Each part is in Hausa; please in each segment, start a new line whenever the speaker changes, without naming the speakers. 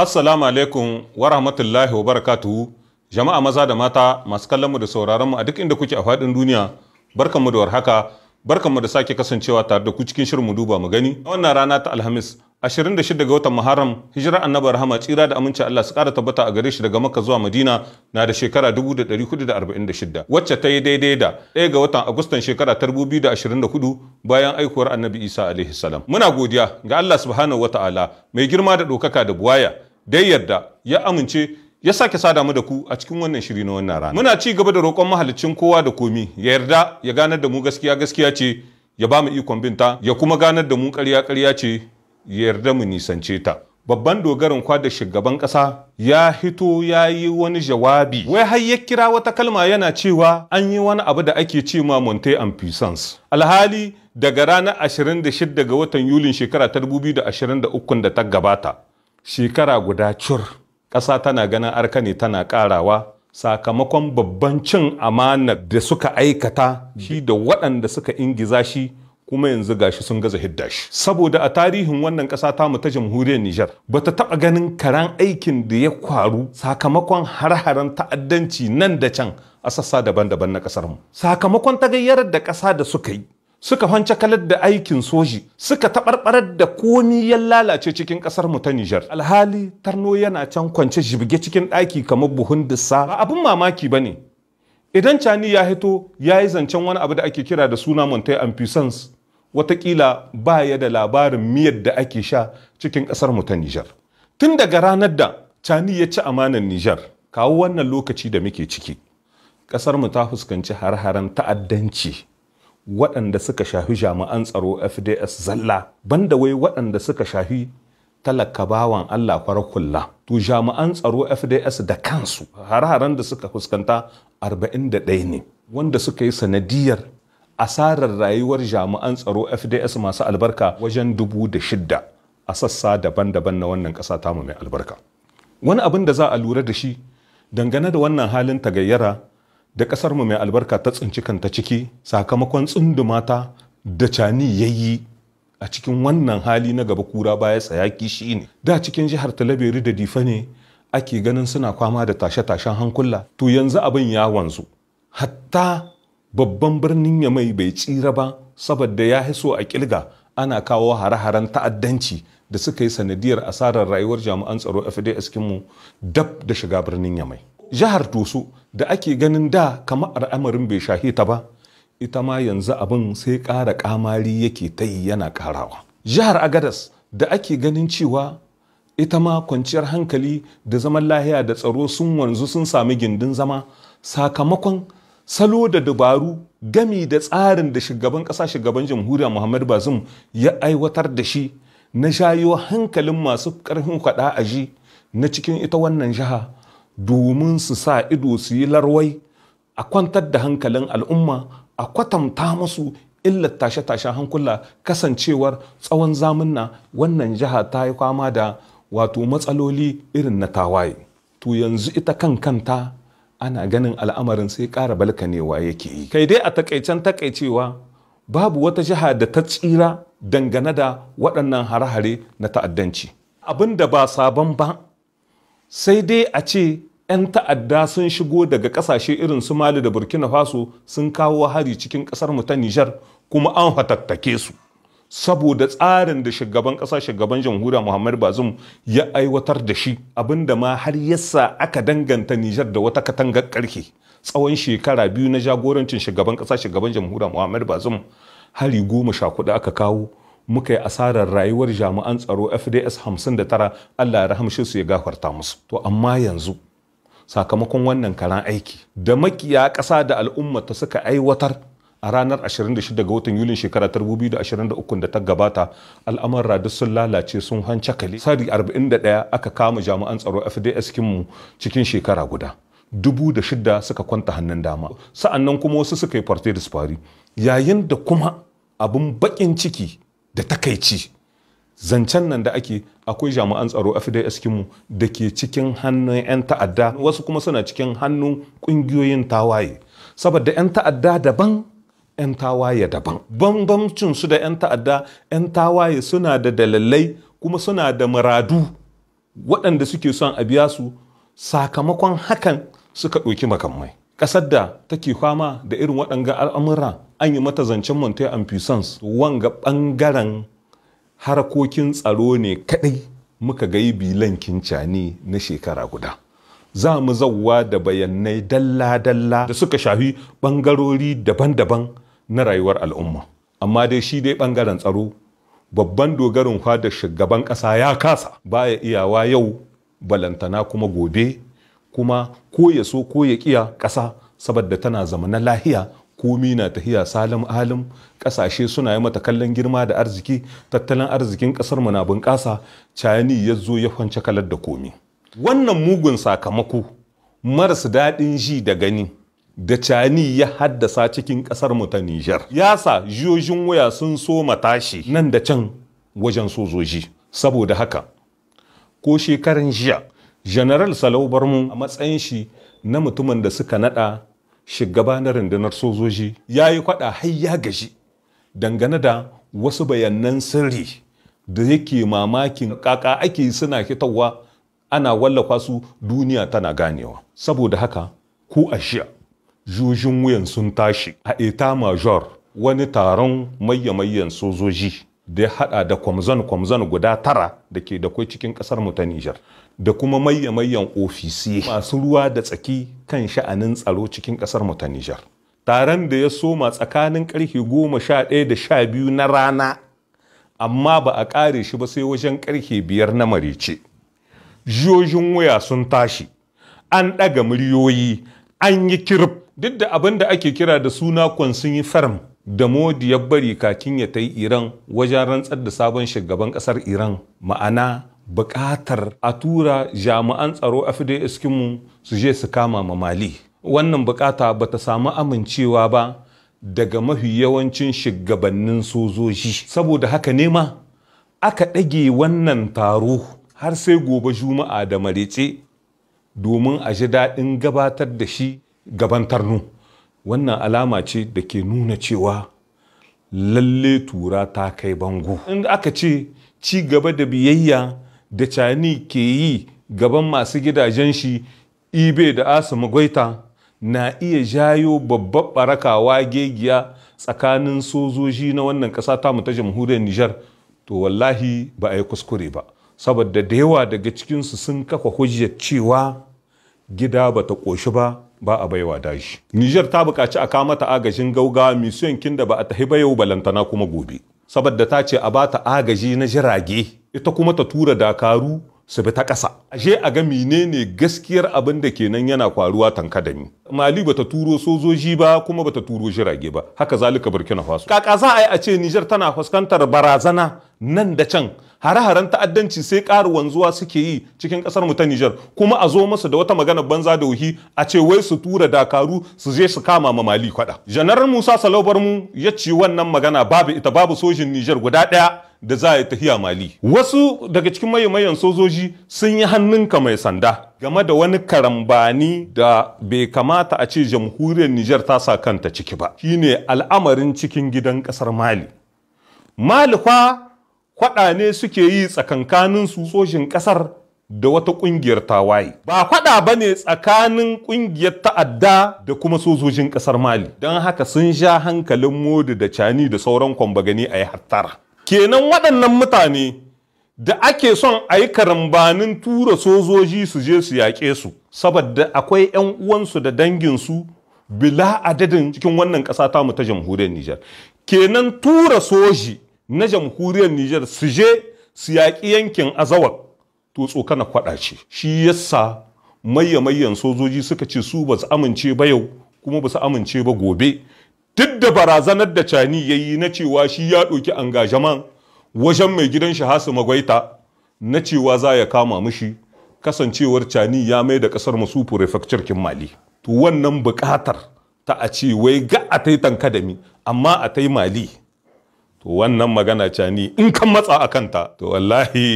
Assalamu alaikum wa rahmatullahi wa barakatuhu jama'a maza da mata masu kallon mu da sauraron mu a duk inda kuke a faɗin duniya barkanmu da warhaka barkanmu da sake kasancewa tare da ku cikin shirin mu duba mu gani a wannan rana ta Alhamis 26 ga watan Muharram hijira Annabi Rahama tsira da amincin Allah su ƙara tabbata a gare shi daga Makka zuwa Madina na da shekara 1446 wacce ta yi daidai da 1 ga watan Agustan shekara ta 2024 bayan aikuwar Annabi Isa alaihi salam muna godiya ga Allah subhanahu wataala mai girma da ɗaukaka da buwaya dai yarda ya amince ya sake sada mu da ku a cikin wannan shiri na wannan rana muna ci gaba da roƙon mahalicin kowa da komi ya yarda ya ganar da mu gaskiya gaskiya ce ya ba mu ikon binta ya kuma ganar da mu ƙarya ƙarya ce ya yarda mu nisance ta babban dogarin kwada shugaban ƙasa ya hito ya yi wani jawabi wai har ya kira wata kalma yana cewa an yi wani abu da ake ce ma monte and alhali daga ranar 26 ga watan yulin shekara 2023 da ta gabata shekara guda cur ƙasa tana ganin arka ne tana ƙarawa sakamakon babban cin amana da suka aikata shi da waɗanda suka ingiza shi kuma yanzu gashi sun gaza hidda shi saboda a tarihin wannan ƙasa ta mu ta jamhuriyar Nijar bata taɓa ganin karan aikin da ya kwaru sakamakon har-haren ta'addanci nan da can a sassa daban-daban na ƙasar mu sakamakon ta gayyar da ƙasa da suka yi suka kalar da aikin soji suka taɓarɓarar da komi ya lalace cikin ƙasar mu ta Nijar. Alhali tarno yana can kwance jibge cikin ɗaki kamar buhun dissa. Ba abin mamaki bane Idan cani ya hito ya yi zancen wani abu da ake kira da suna Montai Ampusance watakila ba ya da labarin miyar da ake sha cikin ƙasar mu ta Nijar. Tun daga ranar da cani ya ci amanar Nijar kawo wannan lokaci da muke ciki. Ƙasar mu ta fuskanci har-haren ta'addanci waɗanda suka shafi jami'an tsaro fds zalla banda wai waɗanda suka shafi talaka bawan Allah farakulla to jami'an tsaro FDS da kansu har-haren da suka fuskanta 41 ne wanda suka yi sanadiyar asarar rayuwar jami'an tsaro FDS masu albarka wajen dubu da shidda a sassa daban-daban na wannan ƙasa tamu mai albarka wani abin da za a lura da shi dangane da wannan halin tagayyara da ƙasar mu mai albarka ta tsinci kanta ciki sakamakon tsundumata da cani yayi a cikin wannan hali na gaba kura baya tsayaki shi ne da cikin jihar talabiri da difa ne ake ganin suna kwama da tashe-tashen hankula to yanzu abin ya wanzu hatta babban birnin ya mai bai tsira ba saboda ya hiso a kilga ana kawo hare-haren ta'addanci da suka yi sanadiyar asarar rayuwar jami'an tsaro fds kinmu dab da shiga birnin yamai jihar toso da ake ganin da kamar al'amarin bai shahe ta ba ita ma yanzu abin sai ƙara kamari yake ta yi yana ƙarawa jihar agadas da ake ganin cewa ita ma kwanciyar hankali da zaman lahiya da tsaro sun wanzu sun sami gindin zama sakamakon salo da dabaru gami da tsarin da shugaban ƙasa shugaban jamhuriya muhammadu bazum ya aiwatar da shi na shayo hankalin masu ƙarfin kwaɗa a ji na cikin ita wannan jiha domin su sa ido su yi larwai a kwantar da hankalin al'umma a kwatanta masu illar tashe-tashen hankula kasancewar tsawon zamunna wannan jiha ta yi kwama da wato matsaloli irin na tawaye to yanzu ita kan kanta ana ganin al'amarin sai ƙara balkanewa yake yi kai dai a takaicen takaicewa babu wata jiha da ta tsira dangane da waɗannan hare-hare na ta'addanci abin da ba sabon ba sai dai a ce 'yan ta'adda sun shigo daga kasashe irin su mali da burkina faso sun kawo hari cikin kasar mu ta nijar kuma an fatattake su saboda tsarin da shugaban kasa shugaban jamhuriya muhammad bazum ya aiwatar da shi abinda ma har yasa aka danganta nijar da wata katangar karke tsawon shekara biyu na jagorancin shugaban kasa shugaban jamhuriya muhammad bazum hari goma sha kuɗi aka kawo muka yi asarar rayuwar jami'an tsaro fds 59 allah ya rahamshe su ya gafarta musu to amma yanzu sakamakon wannan karan aiki da makiya ƙasa da al'umma ta suka aiwatar a ranar 26 ga watan yulin shekara 2023 da ta gabata al'amarra duk sun lalace sun hancakale sari 41 aka kama jami'an tsaro fds kinmu cikin shekara guda dubu da shida suka kwanta hannun dama sa'annan kuma wasu suka yi parte da yayin da kuma abin bakin ciki da takaici zancen nan da ake akwai jami'an tsaro a fidai mu da ke cikin hannun 'yan ta'adda wasu kuma suna cikin hannun ƙungiyoyin tawaye saboda 'yan ta'adda daban 'yan tawaye daban bambancin su da 'yan ta'adda 'yan tawaye suna da dalilai kuma suna da muradu waɗanda suke son a biya su sakamakon hakan suka ɗauki makamai ƙasar da take fama da irin waɗanga al'amura an yi mata zancen monte amfisans wanga ɓangaren harkokin tsaro ne kaɗai muka ga yi bilan kincani na shekara guda za mu zauwa da bayanai dalla-dalla da suka shafi ɓangarori daban-daban na rayuwar al'umma amma dai shi dai ɓangaren tsaro babban dogarin da shugaban ƙasa ya kasa baya iyawa yau balantana kuma gobe kuma ko ya so ko ya kiya ƙasa saboda tana zama na lahiya komi na tahiya salim alim ƙasashe suna yi mata kallon girma da arziki tattalin arzikin ƙasar mu na bunƙasa cani ya zo ya kwance kalar da komi wannan mugun sakamako maras daɗin ji da gani da cani ya haddasa cikin ƙasar mu ta Nijar. sa jiyojin waya sun so matashi nan da can wajen sojoji. Saboda haka, ko shekaran jiya general salau barmu a matsayin shi na mutumin da suka nada shugaba na rundunar sojoji ya yi kwada har ya gaji dangane da wasu bayanan sirri da yake mamakin kaka ake suna fitowa ana wallafa su duniya tana ganewa saboda haka ku a shi jujin wuyan sun tashi a eta major wani taron mayyamayyan sojoji da ya hada da kwamzon kwamzon guda tara da ke da kwai cikin ƙasar mu ta Nijar da kuma mayya mayyan ofisi masu ruwa da tsaki kan sha'anin tsaro cikin ƙasar mu ta Nijar taron da ya soma tsakanin karfe goma sha ɗaya da sha biyu na rana amma ba a ƙare shi ba sai wajen karfe biyar na marice Jiyoyin waya sun tashi an ɗaga muryoyi an yi kirf duk da abin da ake kira da suna kwansun yi ferm da modi ya bari kakin ya ta yi iran wajen rantsar da sabon shugaban kasar iran ma'ana bukatar a tura jami'an tsaro a fds iskinmu su je su kama ma mali wannan bukata ba ta samu amincewa ba daga mafi yawancin shugabannin sojoji saboda haka ne ma aka ɗage wannan taro har sai gobe juma'a da marece domin a ji daɗin gabatar da shi gaban tarnu. wannan alama ce da ke nuna cewa lalle tura ta kai bango in aka ce ci gaba da biyayya da cani ke yi gaban masu gidajen shi ibe da asa magwaita na iya jayo babbar barakawa gegiya tsakanin sojoji na wannan ƙasa tamu ta jamhuriyar nijar to wallahi ba a yi kuskure ba saboda da yawa daga cikinsu sun kafa hujjar cewa gida ba ta ƙoshi ba ba a baiwa daji Nijar ta buƙaci a kama ta agajin gauga misiyon kin da ba a tahi ba yau balantana kuma gobe saboda ta ce a ba ta agaji na jirage ita kuma ta tura dakaru su bi ta ƙasa. Ashe a ga menene gaskiyar abin da kenan yana kwaruwa tanka da ni. Mali bata turo sojoji ba kuma bata turo jirage ba. Haka zalika Burkina Faso. Kaka za a yi a ce Nijar tana fuskantar barazana nan da can hare-haren ta'addanci sai ƙara wanzuwa suke yi cikin ƙasar mu ta Nijar kuma a zo masu da wata magana banza da wuhi a ce wai su tura dakaru su je su kama ma Mali kwada. janar Musa salobar mu ya ci wannan magana babu ita babu sojin Nijar guda ɗaya da za a tafiya Mali. Wasu daga cikin mayan sojoji sun yi hannun ka mai sanda game da wani karambani da bai kamata a ce jamhuriyar Nijar ta sa kanta ciki ba. Shine al'amarin cikin gidan ƙasar Mali. Mali fa kwaɗa ne suke yi tsakankanin su sojin ƙasar da wata ƙungiyar tawaye. Ba kwaɗa bane tsakanin ƙungiyar ta'adda da kuma sojojin ƙasar Mali. Don haka sun sha hankalin Modi da Cani da sauran kwambagani a yi hattara. Kenan waɗannan mutane da ake son a yi karambanin tura sojoji su je su yaƙe su, saboda akwai 'yan uwansu da danginsu bila adadin cikin wannan ƙasa tamu ta jamhuriyar Nijar. Kenan tura soji na jamhuriyar Nijar su je su yaƙi yankin azawar to na kwaɗa ce shi yasa mayyamayyan sojoji suka ce su ba su amince ba yau kuma ba su amince ba gobe duk da barazanar da cani ya yi na cewa shi ya ɗauki angajaman wajen mai gidan shi hasu magwaita na cewa za ya kama mushi kasancewar cani ya mai da ƙasar masu prefecture kin mali to wannan buƙatar ta a ce wai ga a tai tankadami amma a tai mali to wannan magana ce ni in kan matsa a kanta to wallahi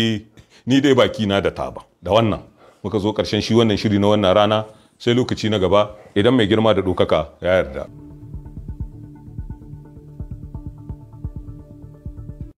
ni dai baki na da ba. da wannan muka zo karshen shi wannan shiri na wannan rana sai lokaci na gaba idan mai girma da ɗaukaka ya yarda.